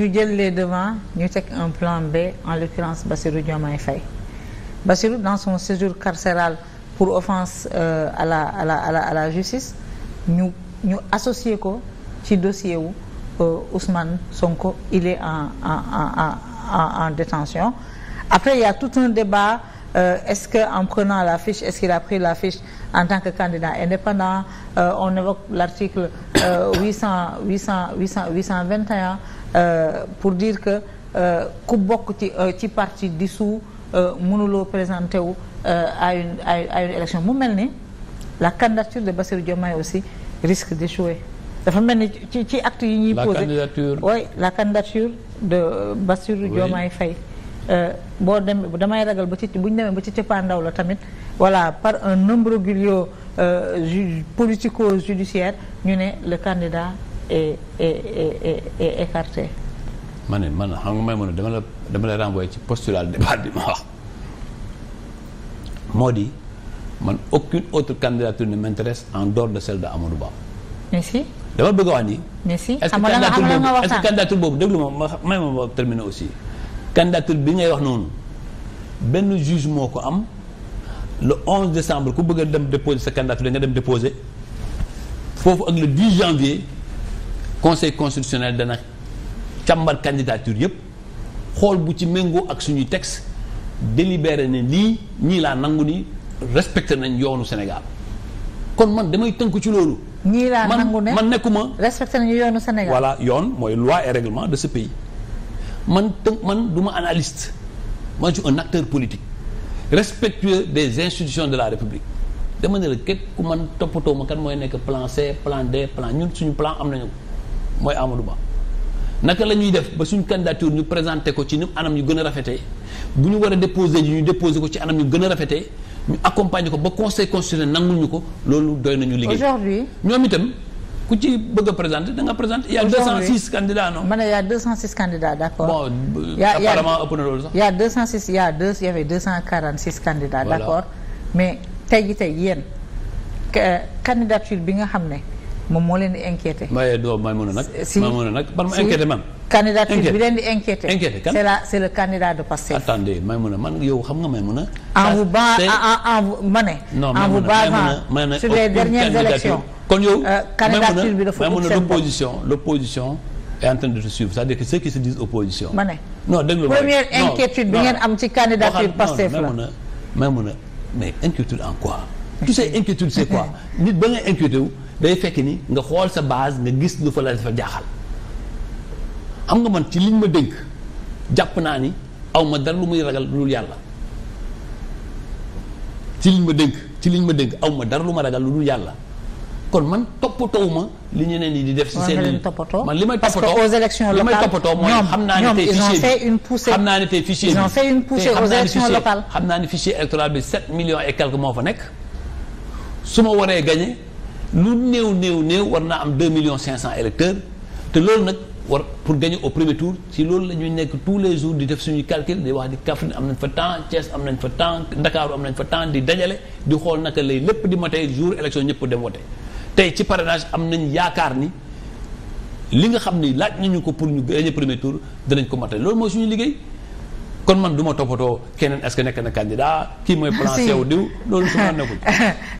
ñu jël les devants ñu teg un plan B en l'occurrence Bassirou Diomaye Faye Bassirou dans son séjour carcéral pour offense euh, à la à la à la à la justice ñu ñu associé ko ci dossier wu euh, Ousmane Sonko il est en en en en en détention après il y a tout un débat euh, est-ce que en prenant la fiche est-ce qu'il a pris la fiche en tant que candidat indépendant euh, on évoque l'article Euh, huit cent huit cent huit cent huit cent vingt et un euh, pour dire que euh, ku bokk ci ci parti dissous mënuloo présenté wu à une à une élection mu mel ni la candidature de Bassirou Diomaye aussi risque d'échouer dafa mel ni ci ci acte yi ñuy posé la candidature oui la candidature de Bassirou Diomaye Faye Euh, boo dem damay ragal ba ci bu ñu demee ba ci cëppaandaw la tamit voilà par un imbroglio euh, ju politico judiciaire ñu ne le candidat est est est est écarté. ma ne man xam nga may mun ne dama la dama la renvoyé ci postulat débat bi ma wax moo di man aucune autre candidature ne m'intéresse en dehors de celle de Amadou Ba. mais dama bëgg a wax nii. mais xam nga la nga xam nga la nga waxtaan est-ce que candidature boobu déglu ma ma may ma ma aussi. candidature bi ngay wax noonu benn juge moo ko am le 11 décembre ku bëgg a dem déposer sa candidature da nga dem déposer foofu ak le 10 janvier conseil constitutionnel dana càmbar candidature yëpp xool bu ci méngoo ak suñuy texte délibéré ne lii ñii laa nangu ni respecté nañ yoonu Sénégal kon man damay tënk ci loolu. ñii laa nangu ne man man nekkuma. respecté nañu yoonu Sénégal. voilà yoon mooy loi et règlement de ce pays. man tënk man du ma analyste man ci un acteur politique respectueux des institutions de la République dama ne la képp ku man toppatoo ma kan mooy nekk plan C plan D plan ñun suñu plan am nañu ko mooy Amadou Ba naka la ñuy def ba suñu candidature ñu présenté ko ci ni anam ñu gën a rafetee bu ñu war a déposé ñu déposé ko ci anam ñu gën a rafetee ñu accompagner ko ba conseil constitutionnel nangul ñu ko loolu doy nañu liggéey ñoom itam ku ci bëgg a présenter da présenter. y' a 206 candidats non. ma ne y' a 206 candidats d' accord. bon apparemment ëpp na loolu sax. y' a 206 y' a deux y' avait 246 candidats. voilà mais tey ji tey yéen candidature bi nga xam ne. moom moo leen di inquiété. waaye doo may mën a nag. si may a man ma inquiété man. candidature bi leen di inquiété. c'est la c'est le candidat de Pastef. attendez may mën a may ma ne. non may mën a bi dafa ut seen l'opposition l'opposition est en train de ma ne inquiétude bi ngeen am ci candidature Pastef la non may mën a mais inquiétude en quoi. tu sais inquiétude c'est quoi nit ba ngay inquiété day fekk ni nga xool sa baas nga gis lu fa la dafa jaaxal xam nga man ci liñ ma dénk jàpp naa ni aw ma dara lu muy ragal lu dul yàlla ci liñ ma dénk ci liñ ma dénk aw ma dara lu ma ragal lu dul yàlla kon man toppatoo ma li ñeneen yi di def. ci seen man li may toppatoo parce que aux élections li may toppatoo mooy xam naa ne tey fichier bi xam naa ne tey fichier bi ils ont fait une poussée aux xam naa ne fichier électoral bi 7 millions et quelques moo fa nekk su ma waree gagné. lu néew néew néew war naa am 2 millions cent électeurs te loolu nag war pour gagner au premier tour si loolu la ñuy nekk tous les jours di def suñuy calcul di wax di Kaffrine am nañ fa temps Thiès am nañ fa temps Dakar am nañ fa temps di dajale di xool naka lay lépp di matee jour élection ñëpp dem wote tey ci parrainage am nañ yaakaar ni li nga xam ni laaj nañu ko pour ñu gagner premier tour danañ ko matee loolu mooy suñu liggéey. kon man du ma toppatoo keneen est-ce que nekk na candidat kii mooy plan sew diw loolu su ma nekkul